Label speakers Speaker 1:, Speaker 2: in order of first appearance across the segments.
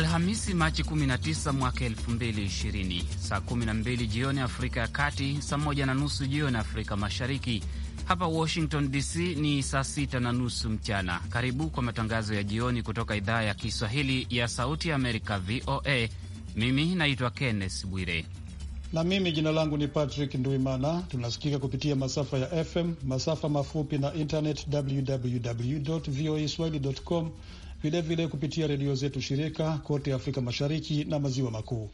Speaker 1: Alhamisi, Machi 19 mwaka 2020, saa 12 jioni Afrika ya Kati, saa 1 na nusu jioni Afrika Mashariki. Hapa Washington DC ni saa 6 na nusu mchana. Karibu kwa matangazo ya jioni kutoka idhaa ya Kiswahili ya Sauti ya Amerika, VOA. Mimi naitwa Kenneth Bwire
Speaker 2: na mimi jina langu ni Patrick Nduimana. Tunasikika kupitia masafa ya FM, masafa mafupi na internet, www voa swahili com vilevile kupitia redio zetu shirika kote Afrika Mashariki na Maziwa Makuu.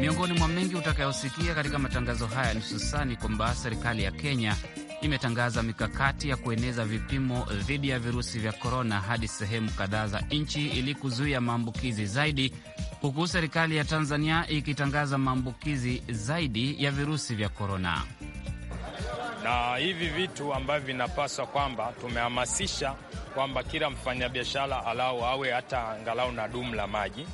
Speaker 1: Miongoni mwa mengi utakayosikia katika matangazo haya ni kwamba serikali ya Kenya imetangaza mikakati ya kueneza vipimo dhidi ya virusi vya korona hadi sehemu kadhaa za nchi ili kuzuia maambukizi zaidi, huku serikali ya Tanzania ikitangaza maambukizi zaidi ya virusi vya korona.
Speaker 3: Na hivi vitu ambavyo vinapaswa kwamba tumehamasisha kwamba kila mfanyabiashara alau awe hata angalau na dumu la maji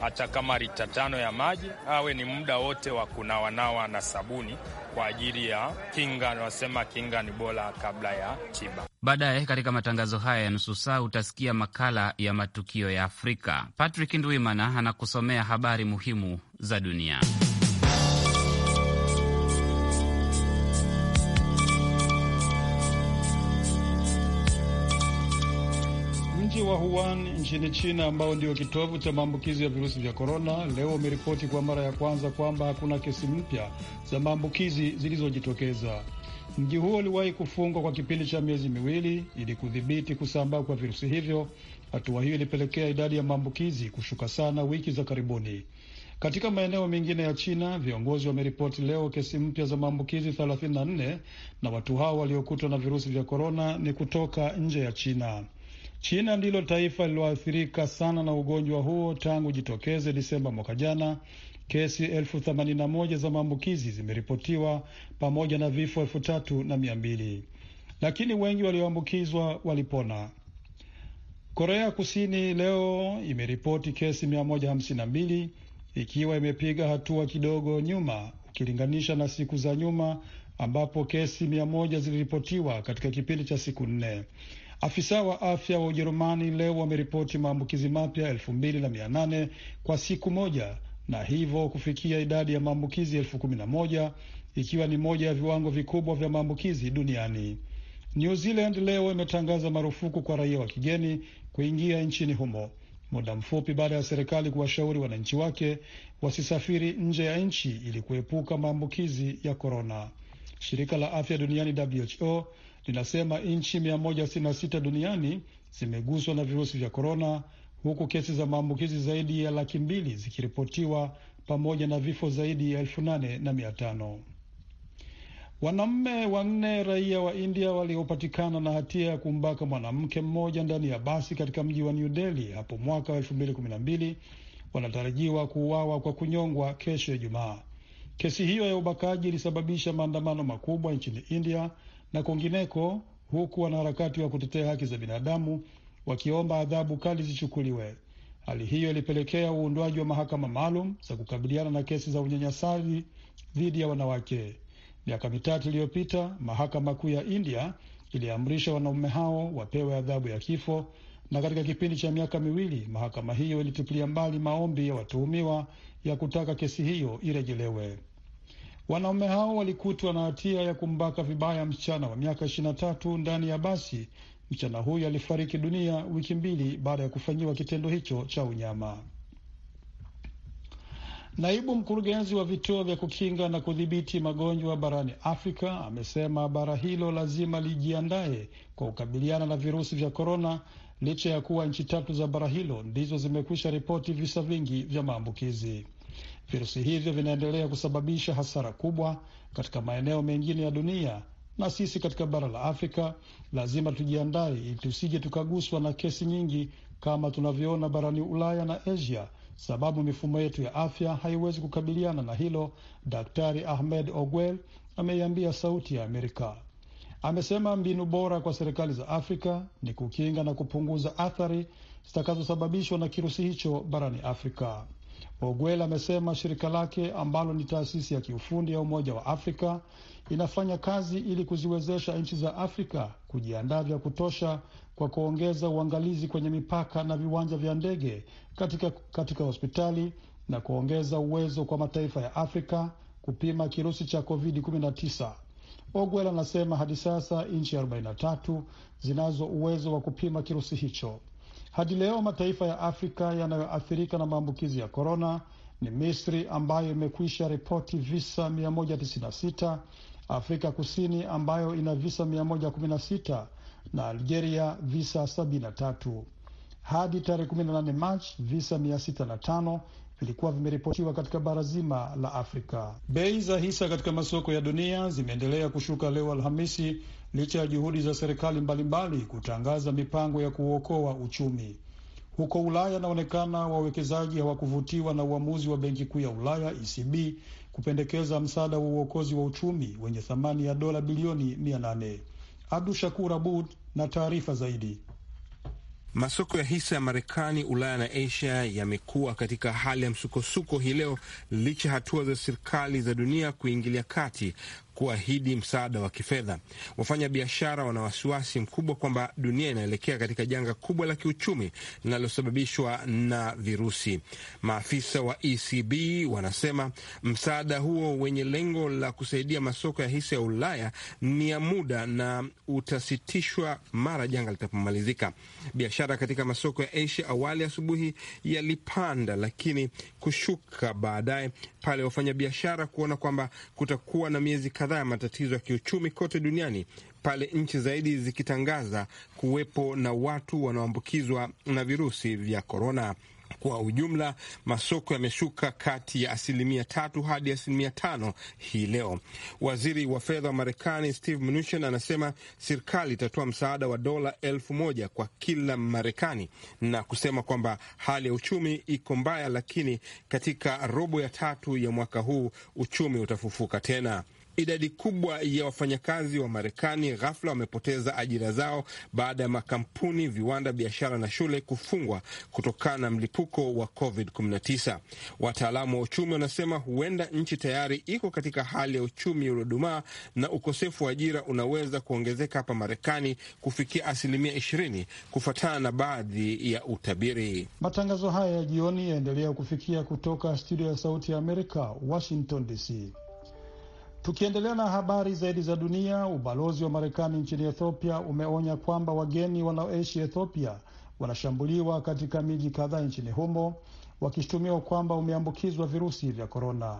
Speaker 3: hata kama lita tano ya maji, awe ni muda wote wa kunawanawa na sabuni kwa ajili ya kinga, wanasema kinga ni bora kabla
Speaker 4: ya tiba.
Speaker 1: Baadaye katika matangazo haya ya nusu saa utasikia makala ya matukio ya Afrika. Patrick Ndwimana anakusomea habari muhimu za dunia.
Speaker 2: wa Wuhan nchini China, ambao ndio kitovu cha maambukizi ya virusi vya korona, leo umeripoti kwa mara ya kwanza kwamba hakuna kesi mpya za maambukizi zilizojitokeza. Mji huo uliwahi kufungwa kwa kipindi cha miezi miwili ili kudhibiti kusambaa kwa virusi hivyo. Hatua hiyo ilipelekea idadi ya maambukizi kushuka sana wiki za karibuni. Katika maeneo mengine ya China, viongozi wameripoti leo kesi mpya za maambukizi 34 na watu hao waliokutwa na virusi vya korona ni kutoka nje ya China. China ndilo taifa lililoathirika sana na ugonjwa huo tangu jitokeze Disemba mwaka jana. Kesi elfu themanini na moja za maambukizi zimeripotiwa pamoja na vifo elfu tatu na mia mbili lakini wengi walioambukizwa walipona. Korea Kusini leo imeripoti kesi 152 ikiwa imepiga hatua kidogo nyuma ukilinganisha na siku za nyuma ambapo kesi 1 ziliripotiwa katika kipindi cha siku nne. Afisa wa afya wa Ujerumani leo wameripoti maambukizi mapya elfu mbili na mia nane kwa siku moja na hivyo kufikia idadi ya maambukizi elfu kumi na moja ikiwa ni moja ya viwango vikubwa vya maambukizi duniani. New Zealand leo imetangaza marufuku kwa raia wa kigeni kuingia nchini humo muda mfupi baada ya serikali kuwashauri wananchi wake wasisafiri nje ya nchi ili kuepuka maambukizi ya korona. Shirika la afya duniani WHO linasema nchi 166 duniani zimeguswa na virusi vya korona, huku kesi za maambukizi zaidi ya laki mbili zikiripotiwa pamoja na vifo zaidi ya elfu nane na mia tano. Wanaume wanne raia wa India waliopatikana na hatia ya kumbaka mwanamke mmoja ndani ya basi katika mji wa New Delhi hapo mwaka wa elfu mbili kumi na mbili wanatarajiwa kuuawa kwa kunyongwa kesho Ijumaa. Kesi hiyo ya ubakaji ilisababisha maandamano makubwa nchini India na kwingineko, huku wanaharakati wa kutetea haki za binadamu wakiomba adhabu kali zichukuliwe. Hali hiyo ilipelekea uundwaji wa mahakama maalum za kukabiliana na kesi za unyanyasaji dhidi ya wanawake. Miaka mitatu iliyopita, mahakama kuu ya India iliamrisha wanaume hao wapewe adhabu ya kifo, na katika kipindi cha miaka miwili mahakama hiyo ilitupilia mbali maombi ya watuhumiwa ya kutaka kesi hiyo irejelewe. Wanaume hao walikutwa na hatia ya kumbaka vibaya msichana wa miaka ishirini na tatu ndani ya basi. Msichana huyo alifariki dunia wiki mbili baada ya kufanyiwa kitendo hicho cha unyama. Naibu mkurugenzi wa vituo vya kukinga na kudhibiti magonjwa barani Afrika amesema bara hilo lazima lijiandaye kwa kukabiliana na virusi vya korona, licha ya kuwa nchi tatu za bara hilo ndizo zimekwisha ripoti visa vingi vya maambukizi. Virusi hivyo vinaendelea kusababisha hasara kubwa katika maeneo mengine ya dunia, na sisi katika bara la Afrika lazima tujiandae ili tusije tukaguswa na kesi nyingi kama tunavyoona barani Ulaya na Asia, sababu mifumo yetu ya afya haiwezi kukabiliana na hilo. Daktari Ahmed Ogwel ameiambia Sauti ya Amerika. Amesema mbinu bora kwa serikali za Afrika ni kukinga na kupunguza athari zitakazosababishwa na kirusi hicho barani Afrika. Oguel amesema shirika lake ambalo ni taasisi ya kiufundi ya Umoja wa Afrika inafanya kazi ili kuziwezesha nchi za Afrika kujiandaa vya kutosha kwa kuongeza uangalizi kwenye mipaka na viwanja vya ndege katika, katika hospitali na kuongeza uwezo kwa mataifa ya Afrika kupima kirusi cha COVID-19. Ogwel anasema hadi sasa nchi 43 zinazo uwezo wa kupima kirusi hicho. Hadi leo mataifa ya Afrika yanayoathirika na maambukizi ya korona ni Misri ambayo imekwisha ripoti visa 196, Afrika Kusini ambayo ina visa 116 na Algeria visa 73. Hadi tarehe 18 Machi visa 605 vilikuwa vimeripotiwa katika bara zima la Afrika. Bei za hisa katika masoko ya dunia zimeendelea kushuka leo Alhamisi licha ya juhudi za serikali mbalimbali kutangaza mipango ya kuokoa uchumi. Huko Ulaya inaonekana wawekezaji hawakuvutiwa na uamuzi wa benki kuu ya Ulaya ECB kupendekeza msaada wa uokozi wa uchumi wenye thamani ya dola bilioni 800. Abdu Shakur Abud na taarifa zaidi.
Speaker 3: Masoko ya hisa ya Marekani, Ulaya na Asia yamekuwa katika hali ya msukosuko hii leo licha ya hatua za serikali za dunia kuingilia kati kuahidi msaada wa kifedha. Wafanyabiashara wana wasiwasi mkubwa kwamba dunia inaelekea katika janga kubwa la kiuchumi linalosababishwa na virusi. Maafisa wa ECB wanasema msaada huo wenye lengo la kusaidia masoko ya hisa ya Ulaya ni ya muda na utasitishwa mara janga litapomalizika. Biashara katika masoko ya Asia awali asubuhi yalipanda, lakini kushuka baadaye pale wafanyabiashara kuona kwamba kutakuwa na miezi kadhaa kadhaa ya matatizo ya kiuchumi kote duniani pale nchi zaidi zikitangaza kuwepo na watu wanaoambukizwa na virusi vya korona. Kwa ujumla masoko yameshuka kati ya asilimia tatu hadi asilimia tano hii leo. Waziri wa fedha wa Marekani Steve Mnuchin anasema serikali itatoa msaada wa dola elfu moja kwa kila Marekani na kusema kwamba hali ya uchumi iko mbaya, lakini katika robo ya tatu ya mwaka huu uchumi utafufuka tena. Idadi kubwa ya wafanyakazi wa Marekani ghafla wamepoteza ajira zao baada ya makampuni, viwanda, biashara na shule kufungwa kutokana na mlipuko wa COVID-19. Wataalamu wa uchumi wanasema huenda nchi tayari iko katika hali ya uchumi uliodumaa na ukosefu wa ajira unaweza kuongezeka hapa Marekani kufikia asilimia 20 kufuatana na baadhi ya utabiri.
Speaker 2: Matangazo haya ya jioni yaendelea kufikia kutoka studio ya Sauti ya Amerika, Washington DC. Tukiendelea na habari zaidi za dunia, ubalozi wa Marekani nchini Ethiopia umeonya kwamba wageni wanaoishi Ethiopia wanashambuliwa katika miji kadhaa nchini humo wakishutumiwa kwamba umeambukizwa virusi vya korona.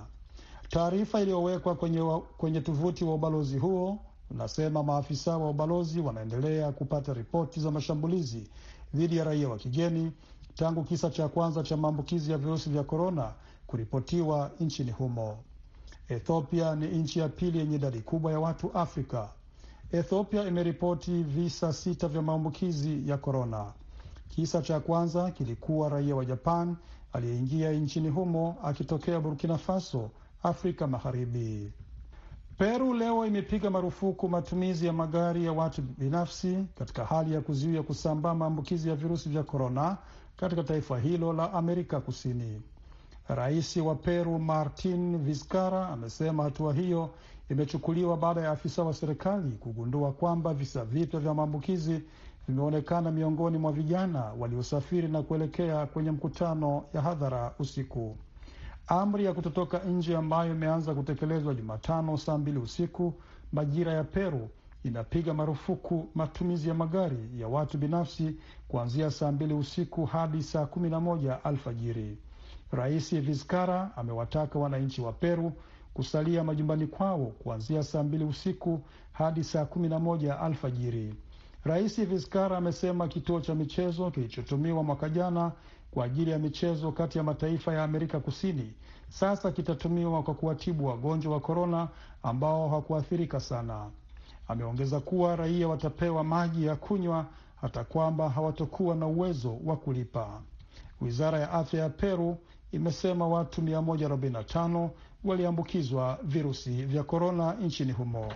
Speaker 2: Taarifa iliyowekwa kwenye, kwenye tovuti wa ubalozi huo unasema maafisa wa ubalozi wanaendelea kupata ripoti za mashambulizi dhidi ya raia wa kigeni tangu kisa cha kwanza cha maambukizi ya virusi vya korona kuripotiwa nchini humo. Ethiopia ni nchi ya pili yenye idadi kubwa ya watu Afrika. Ethiopia imeripoti visa sita vya maambukizi ya korona. Kisa cha kwanza kilikuwa raia wa Japan aliyeingia nchini humo akitokea Burkina Faso, Afrika Magharibi. Peru leo imepiga marufuku matumizi ya magari ya watu binafsi katika hali ya kuzuia kusambaa maambukizi ya virusi vya korona katika taifa hilo la Amerika Kusini. Rais wa Peru Martin Vizcarra amesema hatua hiyo imechukuliwa baada ya afisa wa serikali kugundua kwamba visa vipya vya maambukizi vimeonekana miongoni mwa vijana waliosafiri na kuelekea kwenye mkutano ya hadhara usiku. Amri ya kutotoka nje ambayo imeanza kutekelezwa Jumatano saa mbili usiku majira ya Peru inapiga marufuku matumizi ya magari ya watu binafsi kuanzia saa mbili usiku hadi saa kumi na moja alfajiri. Rais Vizcarra amewataka wananchi wa Peru kusalia majumbani kwao kuanzia saa mbili usiku hadi saa kumi na moja alfajiri. Rais Vizcarra amesema kituo cha michezo kilichotumiwa mwaka jana kwa ajili ya michezo kati ya mataifa ya Amerika Kusini sasa kitatumiwa kwa kuwatibu wagonjwa wa korona ambao hawakuathirika sana. Ameongeza kuwa raia watapewa maji ya kunywa hata kwamba hawatokuwa na uwezo wa kulipa. Wizara ya afya ya Peru imesema watu 145 waliambukizwa virusi vya korona nchini humo.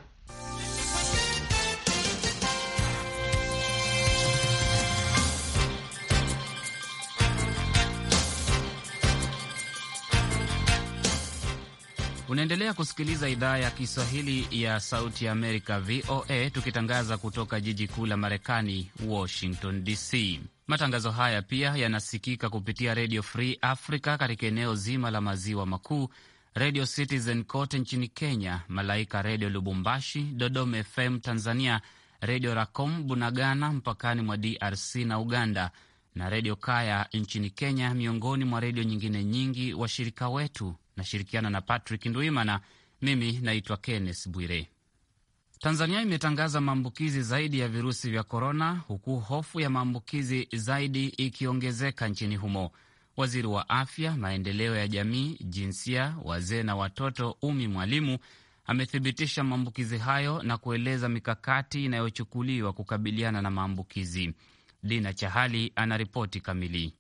Speaker 1: Unaendelea kusikiliza idhaa ya Kiswahili ya Sauti ya Amerika, VOA, tukitangaza kutoka jiji kuu la Marekani, Washington DC. Matangazo haya pia yanasikika kupitia Redio Free Africa katika eneo zima la maziwa makuu, Redio Citizen kote nchini Kenya, Malaika Redio Lubumbashi, Dodoma FM Tanzania, Redio Racom Bunagana mpakani mwa DRC na Uganda, na Redio Kaya nchini Kenya, miongoni mwa redio nyingine nyingi washirika wetu Nashirikiana na Patrick Ndwimana. Mimi naitwa Kenneth Bwire. Tanzania imetangaza maambukizi zaidi ya virusi vya korona, huku hofu ya maambukizi zaidi ikiongezeka nchini humo. Waziri wa Afya, Maendeleo ya Jamii, Jinsia, Wazee na Watoto, Umi Mwalimu, amethibitisha maambukizi hayo na kueleza mikakati inayochukuliwa kukabiliana na maambukizi. Dina Chahali anaripoti kamili.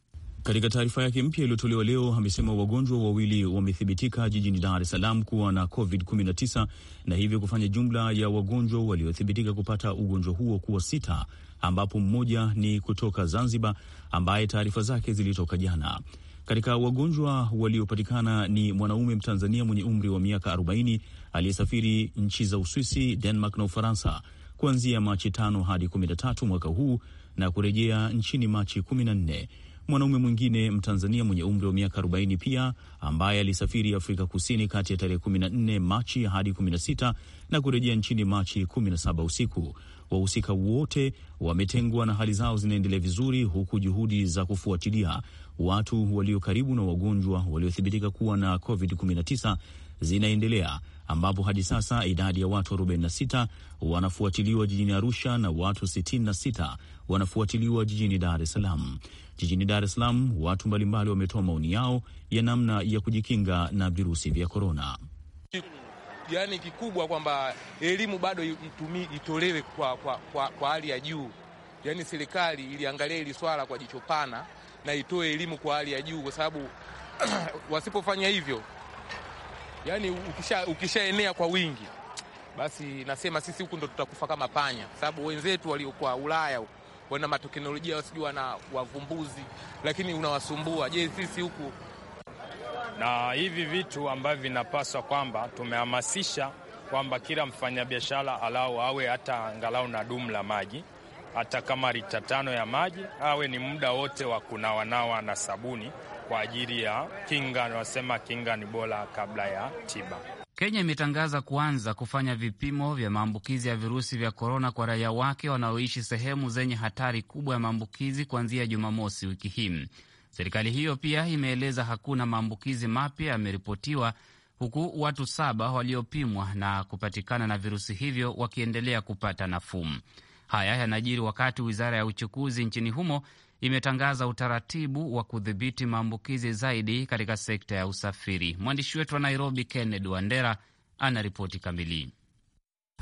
Speaker 1: Katika taarifa
Speaker 5: yake mpya iliyotolewa leo, amesema wagonjwa wawili wamethibitika jijini Dar es Salaam kuwa na COVID-19 na hivyo kufanya jumla ya wagonjwa waliothibitika kupata ugonjwa huo kuwa sita, ambapo mmoja ni kutoka Zanzibar ambaye taarifa zake zilitoka jana. Katika wagonjwa waliopatikana ni mwanaume Mtanzania mwenye umri wa miaka 40 aliyesafiri nchi za Uswisi, Denmark na Ufaransa kuanzia Machi 5 hadi 13 mwaka huu na kurejea nchini Machi 14. Mwanaume mwingine Mtanzania mwenye umri wa miaka 40 pia ambaye alisafiri Afrika Kusini kati ya tarehe 14 Machi hadi 16 na kurejea nchini Machi 17 usiku. Wahusika wote wametengwa na hali zao zinaendelea vizuri, huku juhudi za kufuatilia watu walio karibu na wagonjwa waliothibitika kuwa na COVID-19 zinaendelea ambapo hadi sasa idadi ya watu 46 wanafuatiliwa jijini Arusha na watu 66 wanafuatiliwa jijini Dar es Salaam. Jijini Dar es Salaam, watu mbalimbali wametoa maoni yao ya namna ya kujikinga na virusi vya korona.
Speaker 3: Yaani kikubwa kwamba elimu bado itumi, itolewe kwa, kwa, kwa, kwa hali ya juu. Yaani serikali iliangalia hili swala kwa jicho pana na itoe elimu kwa hali ya juu, kwa sababu wasipofanya hivyo yani ukisha ukishaenea kwa wingi, basi nasema sisi huku ndo tutakufa kama panya, sababu wenzetu waliokuwa Ulaya wana mateknolojia wasijua wana wavumbuzi, lakini unawasumbua. Je, sisi huku na hivi vitu ambavyo vinapaswa kwamba tumehamasisha kwamba kila mfanyabiashara alau awe hata angalau na dumu la maji, hata kama lita tano ya maji, awe ni muda wote wa kunawanawa na sabuni kwa ajili ya kinga, wanasema kinga ni bora kabla ya tiba.
Speaker 1: Kenya imetangaza kuanza kufanya vipimo vya maambukizi ya virusi vya korona kwa raia wake wanaoishi sehemu zenye hatari kubwa ya maambukizi kuanzia Jumamosi wiki hii. Serikali hiyo pia imeeleza hakuna maambukizi mapya yameripotiwa, huku watu saba waliopimwa na kupatikana na virusi hivyo wakiendelea kupata nafuu. Haya yanajiri wakati wizara ya uchukuzi nchini humo imetangaza utaratibu wa kudhibiti maambukizi zaidi katika sekta ya usafiri. Mwandishi wetu wa Nairobi, kenned Wandera, ana ripoti kamili.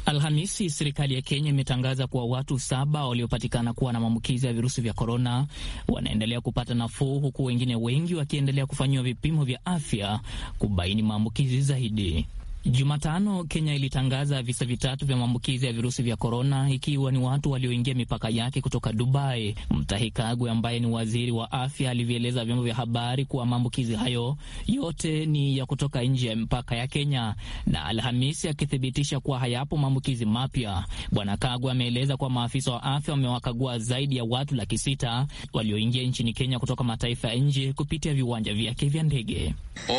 Speaker 6: Alhamisi, serikali ya Kenya imetangaza kuwa watu saba waliopatikana kuwa na maambukizi ya virusi vya korona wanaendelea kupata nafuu, huku wengine wengi wakiendelea kufanyiwa vipimo vya afya kubaini maambukizi zaidi. Jumatano Kenya ilitangaza visa vitatu vya maambukizi ya virusi vya korona, ikiwa ni watu walioingia mipaka yake kutoka Dubai. Mutahi Kagwe ambaye ni waziri wa afya alivyoeleza vyombo vya habari kuwa maambukizi hayo yote ni ya kutoka nje ya mipaka ya Kenya, na Alhamisi akithibitisha kuwa hayapo maambukizi mapya. Bwana Kagwe ameeleza kuwa maafisa wa afya wamewakagua zaidi ya watu laki sita walioingia nchini Kenya kutoka mataifa ya nje kupitia viwanja vyake vya ndege.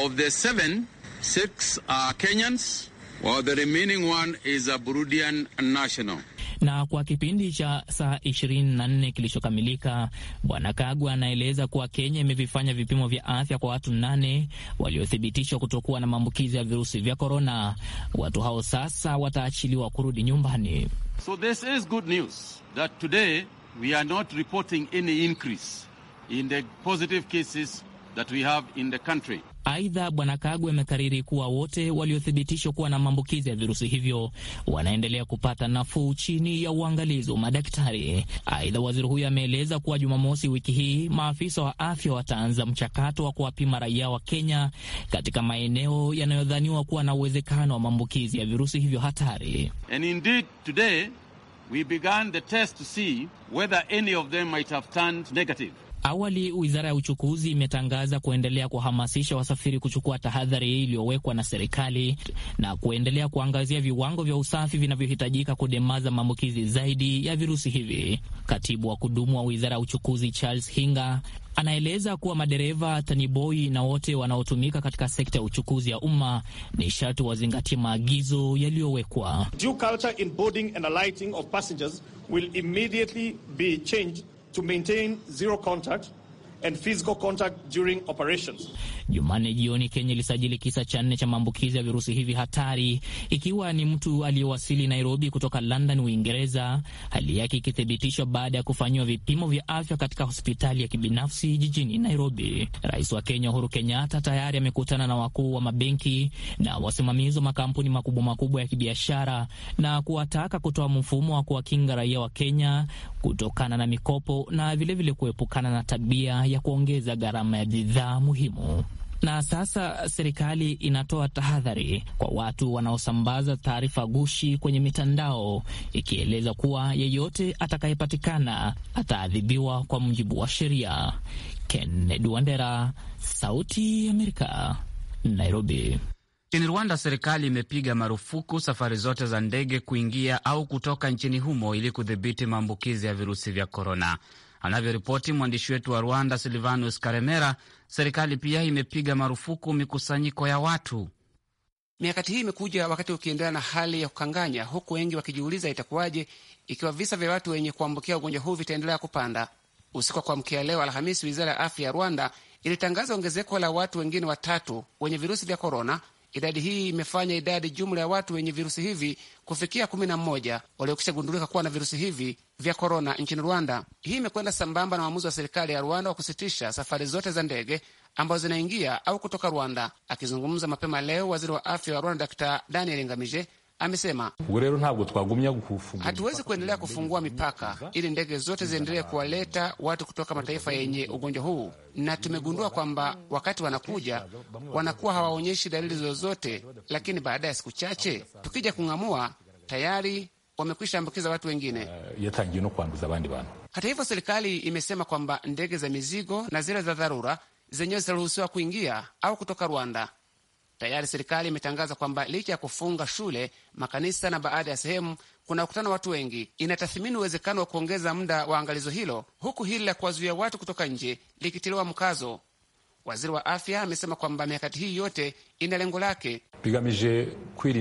Speaker 5: Of the seven, six are Kenya Burundians, while the remaining one is a Burundian national.
Speaker 6: Na kwa kipindi cha saa ishirini na 24 kilichokamilika, Bwana Kagwa anaeleza kuwa Kenya imevifanya vipimo vya afya kwa watu nane waliothibitishwa kutokuwa na maambukizi ya virusi vya korona. Watu hao sasa wataachiliwa kurudi nyumbani.
Speaker 5: So this is good news that today we are not reporting any increase in the positive cases that we have in the country.
Speaker 6: Aidha, Bwana Kagwe amekariri kuwa wote waliothibitishwa kuwa na maambukizi ya virusi hivyo wanaendelea kupata nafuu chini ya uangalizi wa madaktari. Aidha, waziri huyo ameeleza kuwa Jumamosi wiki hii maafisa wa afya wataanza mchakato wa kuwapima raia wa Kenya katika maeneo yanayodhaniwa kuwa na uwezekano wa maambukizi ya virusi hivyo hatari.
Speaker 5: And indeed, today we began the test to see whether any of them might have turned negative.
Speaker 6: Awali wizara ya uchukuzi imetangaza kuendelea kuhamasisha wasafiri kuchukua tahadhari iliyowekwa na serikali na kuendelea kuangazia viwango vya usafi vinavyohitajika kudemaza maambukizi zaidi ya virusi hivi. Katibu wa kudumu wa wizara ya uchukuzi Charles Hinga anaeleza kuwa madereva, taniboi na wote wanaotumika katika sekta ya uchukuzi ya umma ni sharti wazingatie maagizo yaliyowekwa.
Speaker 5: Due culture in boarding and alighting of passengers will
Speaker 2: immediately be changed to maintain zero contact and physical contact during operations.
Speaker 6: Jumane jioni, Kenya ilisajili kisa cha nne cha maambukizi ya virusi hivi hatari, ikiwa ni mtu aliyewasili Nairobi kutoka London, Uingereza, hali yake ikithibitishwa baada ya kufanyiwa vipimo vya afya katika hospitali ya kibinafsi jijini Nairobi. Rais wa Kenya Uhuru Kenyatta tayari amekutana na wakuu wa mabenki na wasimamizi wa makampuni makubwa makubwa ya kibiashara na kuwataka kutoa mfumo wa kuwakinga raia wa Kenya kutokana na mikopo na vilevile kuepukana na tabia ya kuongeza gharama ya bidhaa muhimu. Na sasa serikali inatoa tahadhari kwa watu wanaosambaza taarifa gushi kwenye mitandao, ikieleza kuwa yeyote atakayepatikana ataadhibiwa kwa mujibu wa sheria. Kennedy Wandera, Sauti ya Amerika, Nairobi. Nchini Rwanda, serikali imepiga
Speaker 1: marufuku safari zote za ndege kuingia au kutoka nchini humo ili kudhibiti maambukizi ya virusi vya korona. Anavyoripoti mwandishi wetu wa Rwanda, Silvanus Karemera, serikali pia imepiga marufuku mikusanyiko ya watu.
Speaker 7: miakati hii imekuja wakati ukiendelea na hali ya kukanganya, huku wengi wakijiuliza itakuwaje ikiwa visa vya watu wenye kuambukia ugonjwa huu vitaendelea kupanda. Usiku wa kuamkia leo Alhamisi, wizara ya afya ya Rwanda ilitangaza ongezeko la watu wengine watatu wenye virusi vya korona Idadi hii imefanya idadi jumla ya watu wenye virusi hivi kufikia kumi na mmoja waliokisha gundulika kuwa na virusi hivi vya korona nchini Rwanda. Hii imekwenda sambamba na uamuzi wa serikali ya Rwanda wa kusitisha safari zote za ndege ambazo zinaingia au kutoka Rwanda. Akizungumza mapema leo, waziri wa afya wa Rwanda Dr Daniel Ngamije Amesema hatuwezi kuendelea kufungua mipaka ili ndege zote ziendelee kuwaleta watu kutoka mataifa yenye ugonjwa huu, na tumegundua kwamba wakati wanakuja wanakuwa hawaonyeshi dalili zozote, lakini baada ya siku chache tukija kung'amua, tayari wamekwisha ambukiza watu wengine. Eh, Hata hivyo, serikali imesema kwamba ndege za mizigo na zile za dharura zenyewe zitaruhusiwa kuingia au kutoka Rwanda. Tayari serikali imetangaza kwamba licha ya kufunga shule, makanisa na baadhi ya sehemu kuna kutana watu wengi, inatathmini uwezekano wa kuongeza muda wa angalizo hilo, huku hili la kuwazuia watu kutoka nje likitiliwa mkazo. Waziri wa afya amesema kwamba mikakati hii yote ina lengo lake, uh,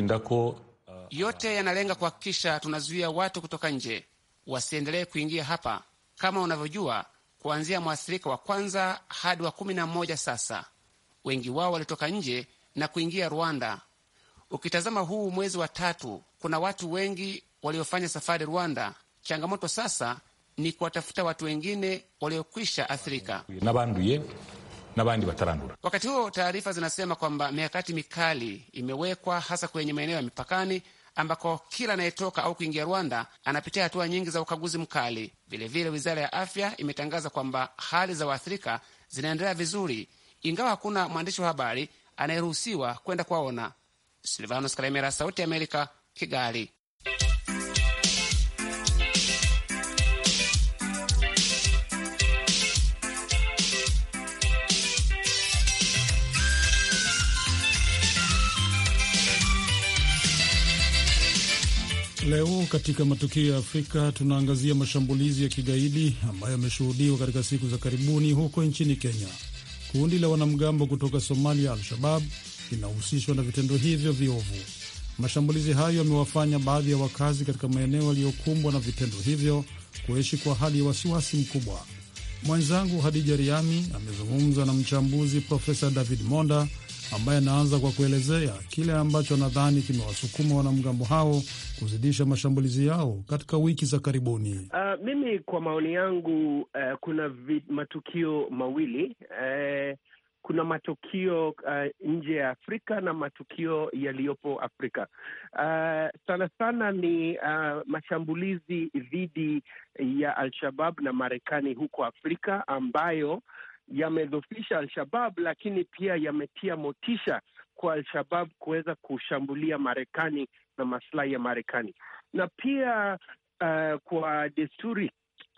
Speaker 7: yote yanalenga kuhakikisha tunazuia watu kutoka nje wasiendelee kuingia hapa. Kama unavyojua, kuanzia mwathirika wa kwanza hadi wa kumi na mmoja sasa, wengi wao walitoka nje na kuingia Rwanda. Ukitazama huu mwezi wa tatu, kuna watu wengi waliofanya safari Rwanda. Changamoto sasa ni kuwatafuta watu wengine waliokwisha athirika. Wakati huo taarifa zinasema kwamba mikakati mikali imewekwa hasa kwenye maeneo ya mipakani ambako kila anayetoka au kuingia Rwanda anapitia hatua nyingi za ukaguzi mkali. Vilevile, wizara ya afya imetangaza kwamba hali za waathirika zinaendelea vizuri, ingawa hakuna mwandishi wa habari anayeruhusiwa kwenda kuwaona. Silvanos Kalemera, Sauti ya Amerika, Kigali.
Speaker 2: Leo katika matukio ya Afrika tunaangazia mashambulizi ya kigaidi ambayo yameshuhudiwa katika siku za karibuni huko nchini Kenya. Kundi la wanamgambo kutoka Somalia, Al-Shabab, linahusishwa na vitendo hivyo viovu. Mashambulizi hayo yamewafanya baadhi ya wakazi katika maeneo yaliyokumbwa na vitendo hivyo kuishi kwa hali ya wasiwasi mkubwa. Mwenzangu Hadija Riami amezungumza na mchambuzi Profesa David Monda ambaye anaanza kwa kuelezea kile ambacho anadhani kimewasukuma wanamgambo hao kuzidisha mashambulizi yao katika wiki za karibuni. Uh,
Speaker 4: mimi kwa maoni yangu uh, kuna matukio mawili uh, kuna matukio uh, nje ya Afrika na matukio yaliyopo Afrika. Uh, sana sana ni uh, mashambulizi dhidi ya Al-Shabab na Marekani huko Afrika ambayo yamedhofisha Al-Shabab, lakini pia yametia motisha kwa Al-Shabab kuweza kushambulia Marekani na maslahi ya Marekani na pia uh, kwa desturi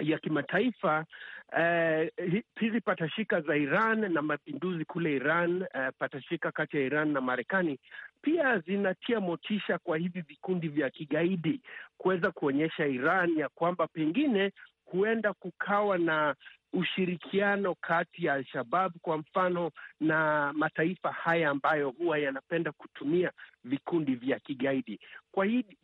Speaker 4: ya kimataifa uh, hizi patashika za Iran na mapinduzi kule Iran, uh, patashika kati ya Iran na Marekani pia zinatia motisha kwa hivi vikundi vya kigaidi kuweza kuonyesha Iran ya kwamba pengine huenda kukawa na ushirikiano kati ya Al-Shabab kwa mfano na mataifa haya ambayo huwa yanapenda kutumia vikundi vya kigaidi. Kwa hivyo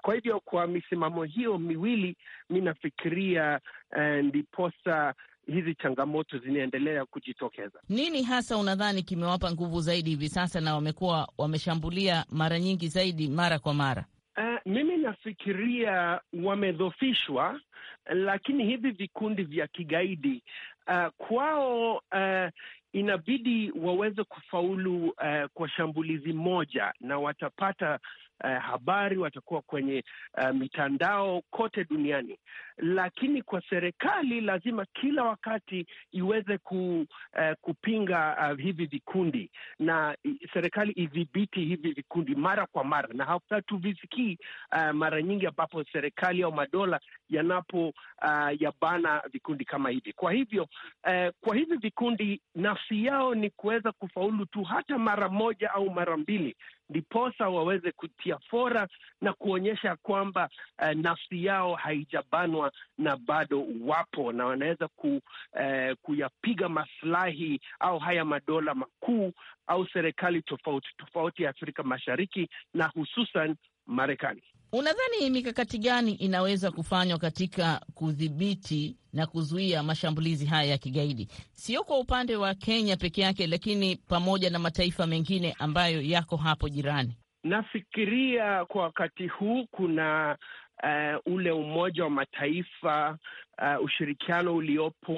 Speaker 4: kwa, kwa misimamo hiyo miwili mi nafikiria eh, ndiposa hizi changamoto zinaendelea kujitokeza.
Speaker 8: Nini hasa unadhani kimewapa nguvu zaidi hivi sasa na wamekuwa wameshambulia mara nyingi zaidi mara kwa mara?
Speaker 4: Uh, mimi nafikiria wamedhofishwa, lakini hivi vikundi vya kigaidi uh, kwao uh, inabidi waweze kufaulu uh, kwa shambulizi moja na watapata eh, habari, watakuwa kwenye eh, mitandao kote duniani. Lakini kwa serikali lazima kila wakati iweze ku, eh, kupinga eh, hivi vikundi na serikali idhibiti hivi vikundi mara kwa mara, na hatuvisikii eh, mara nyingi ambapo serikali au madola yanapo eh, yabana vikundi kama hivi. Kwa hivyo eh, kwa hivi vikundi nafsi yao ni kuweza kufaulu tu hata mara moja au mara mbili, ndiposa waweze kutia fora na kuonyesha kwamba eh, nafsi yao haijabanwa na bado wapo na wanaweza ku, eh, kuyapiga maslahi au haya madola makuu au serikali tofauti tofauti ya Afrika Mashariki na hususan Marekani.
Speaker 8: Unadhani mikakati gani inaweza kufanywa katika kudhibiti na kuzuia mashambulizi haya ya kigaidi, sio kwa upande wa Kenya peke yake, lakini pamoja na mataifa mengine ambayo yako hapo jirani?
Speaker 4: Nafikiria kwa wakati huu kuna uh, ule Umoja wa Mataifa uh, ushirikiano uliopo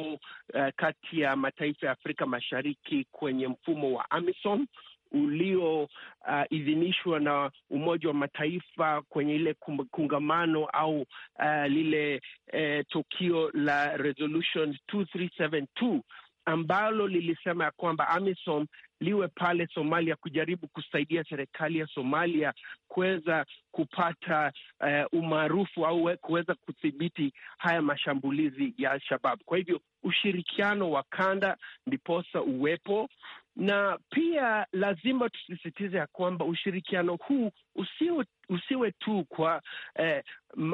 Speaker 4: uh, kati ya mataifa ya Afrika Mashariki kwenye mfumo wa AMISOM ulioidhinishwa uh, na Umoja wa Mataifa kwenye ile kungamano au uh, lile uh, tukio la resolution 2372 ambalo lilisema ya kwamba AMISOM liwe pale Somalia kujaribu kusaidia serikali ya Somalia kuweza kupata uh, umaarufu au kuweza kudhibiti haya mashambulizi ya Al-Shabab. Kwa hivyo ushirikiano wa kanda ndiposa uwepo na pia lazima tusisitize ya kwamba ushirikiano huu usiwe, usiwe tu kwa eh,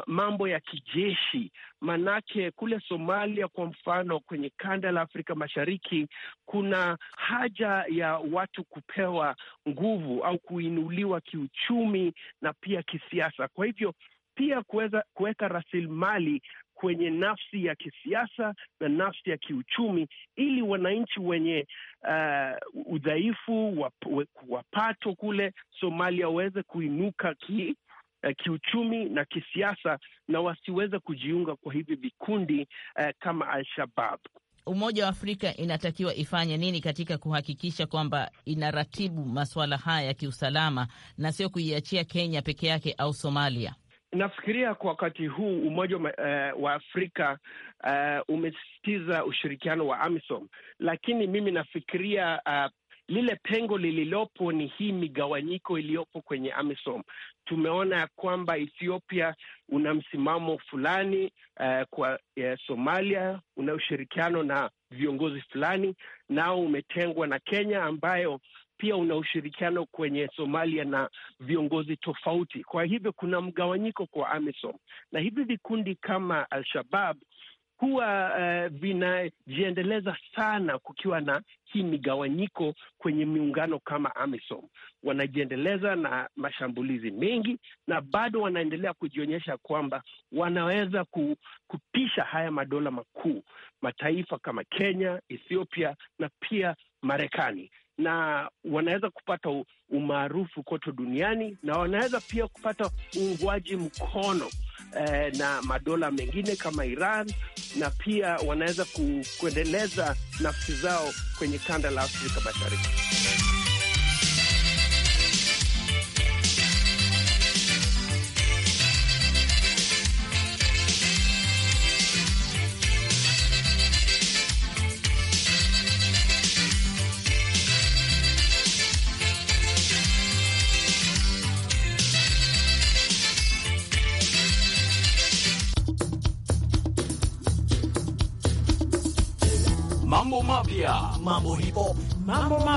Speaker 4: mambo ya kijeshi. Manake kule Somalia kwa mfano, kwenye kanda la Afrika Mashariki kuna haja ya watu kupewa nguvu au kuinuliwa kiuchumi na pia kisiasa. Kwa hivyo pia kuweza kuweka rasilimali kwenye nafsi ya kisiasa na nafsi ya kiuchumi, ili wananchi wenye uh, udhaifu wa wapato kule Somalia waweze kuinuka ki uh, kiuchumi na kisiasa na wasiweze kujiunga kwa hivi vikundi uh, kama Al-Shabab.
Speaker 8: Umoja wa Afrika inatakiwa ifanye nini katika kuhakikisha kwamba inaratibu masuala haya ya kiusalama na sio kuiachia Kenya peke yake au Somalia?
Speaker 4: Nafikiria kwa wakati huu Umoja uh, wa Afrika uh, umesisitiza ushirikiano wa AMISOM, lakini mimi nafikiria uh, lile pengo lililopo ni hii migawanyiko iliyopo kwenye AMISOM. Tumeona ya kwamba Ethiopia una msimamo fulani uh, kwa uh, Somalia una ushirikiano na viongozi fulani, nao umetengwa na Kenya ambayo pia una ushirikiano kwenye Somalia na viongozi tofauti. Kwa hivyo kuna mgawanyiko kwa AMISOM na hivi vikundi kama Al-Shabab huwa uh, vinajiendeleza sana kukiwa na hii migawanyiko kwenye miungano kama AMISOM. Wanajiendeleza na mashambulizi mengi, na bado wanaendelea kujionyesha kwamba wanaweza kupisha haya madola makuu, mataifa kama Kenya, Ethiopia na pia Marekani na wanaweza kupata umaarufu kote duniani na wanaweza pia kupata uungwaji mkono eh, na madola mengine kama Iran na pia wanaweza kuendeleza nafsi zao kwenye kanda la Afrika Mashariki.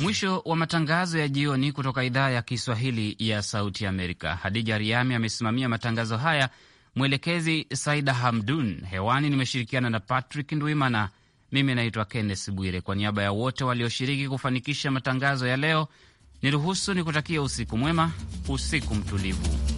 Speaker 1: Mwisho wa matangazo ya jioni kutoka idhaa ya Kiswahili ya Sauti Amerika. Hadija Riami amesimamia matangazo haya, mwelekezi Saida Hamdun. Hewani nimeshirikiana na Patrick Ndwimana. Mimi naitwa Kenneth Bwire. Kwa niaba ya wote walioshiriki kufanikisha matangazo ya leo, niruhusu kutakia usiku mwema, usiku mtulivu.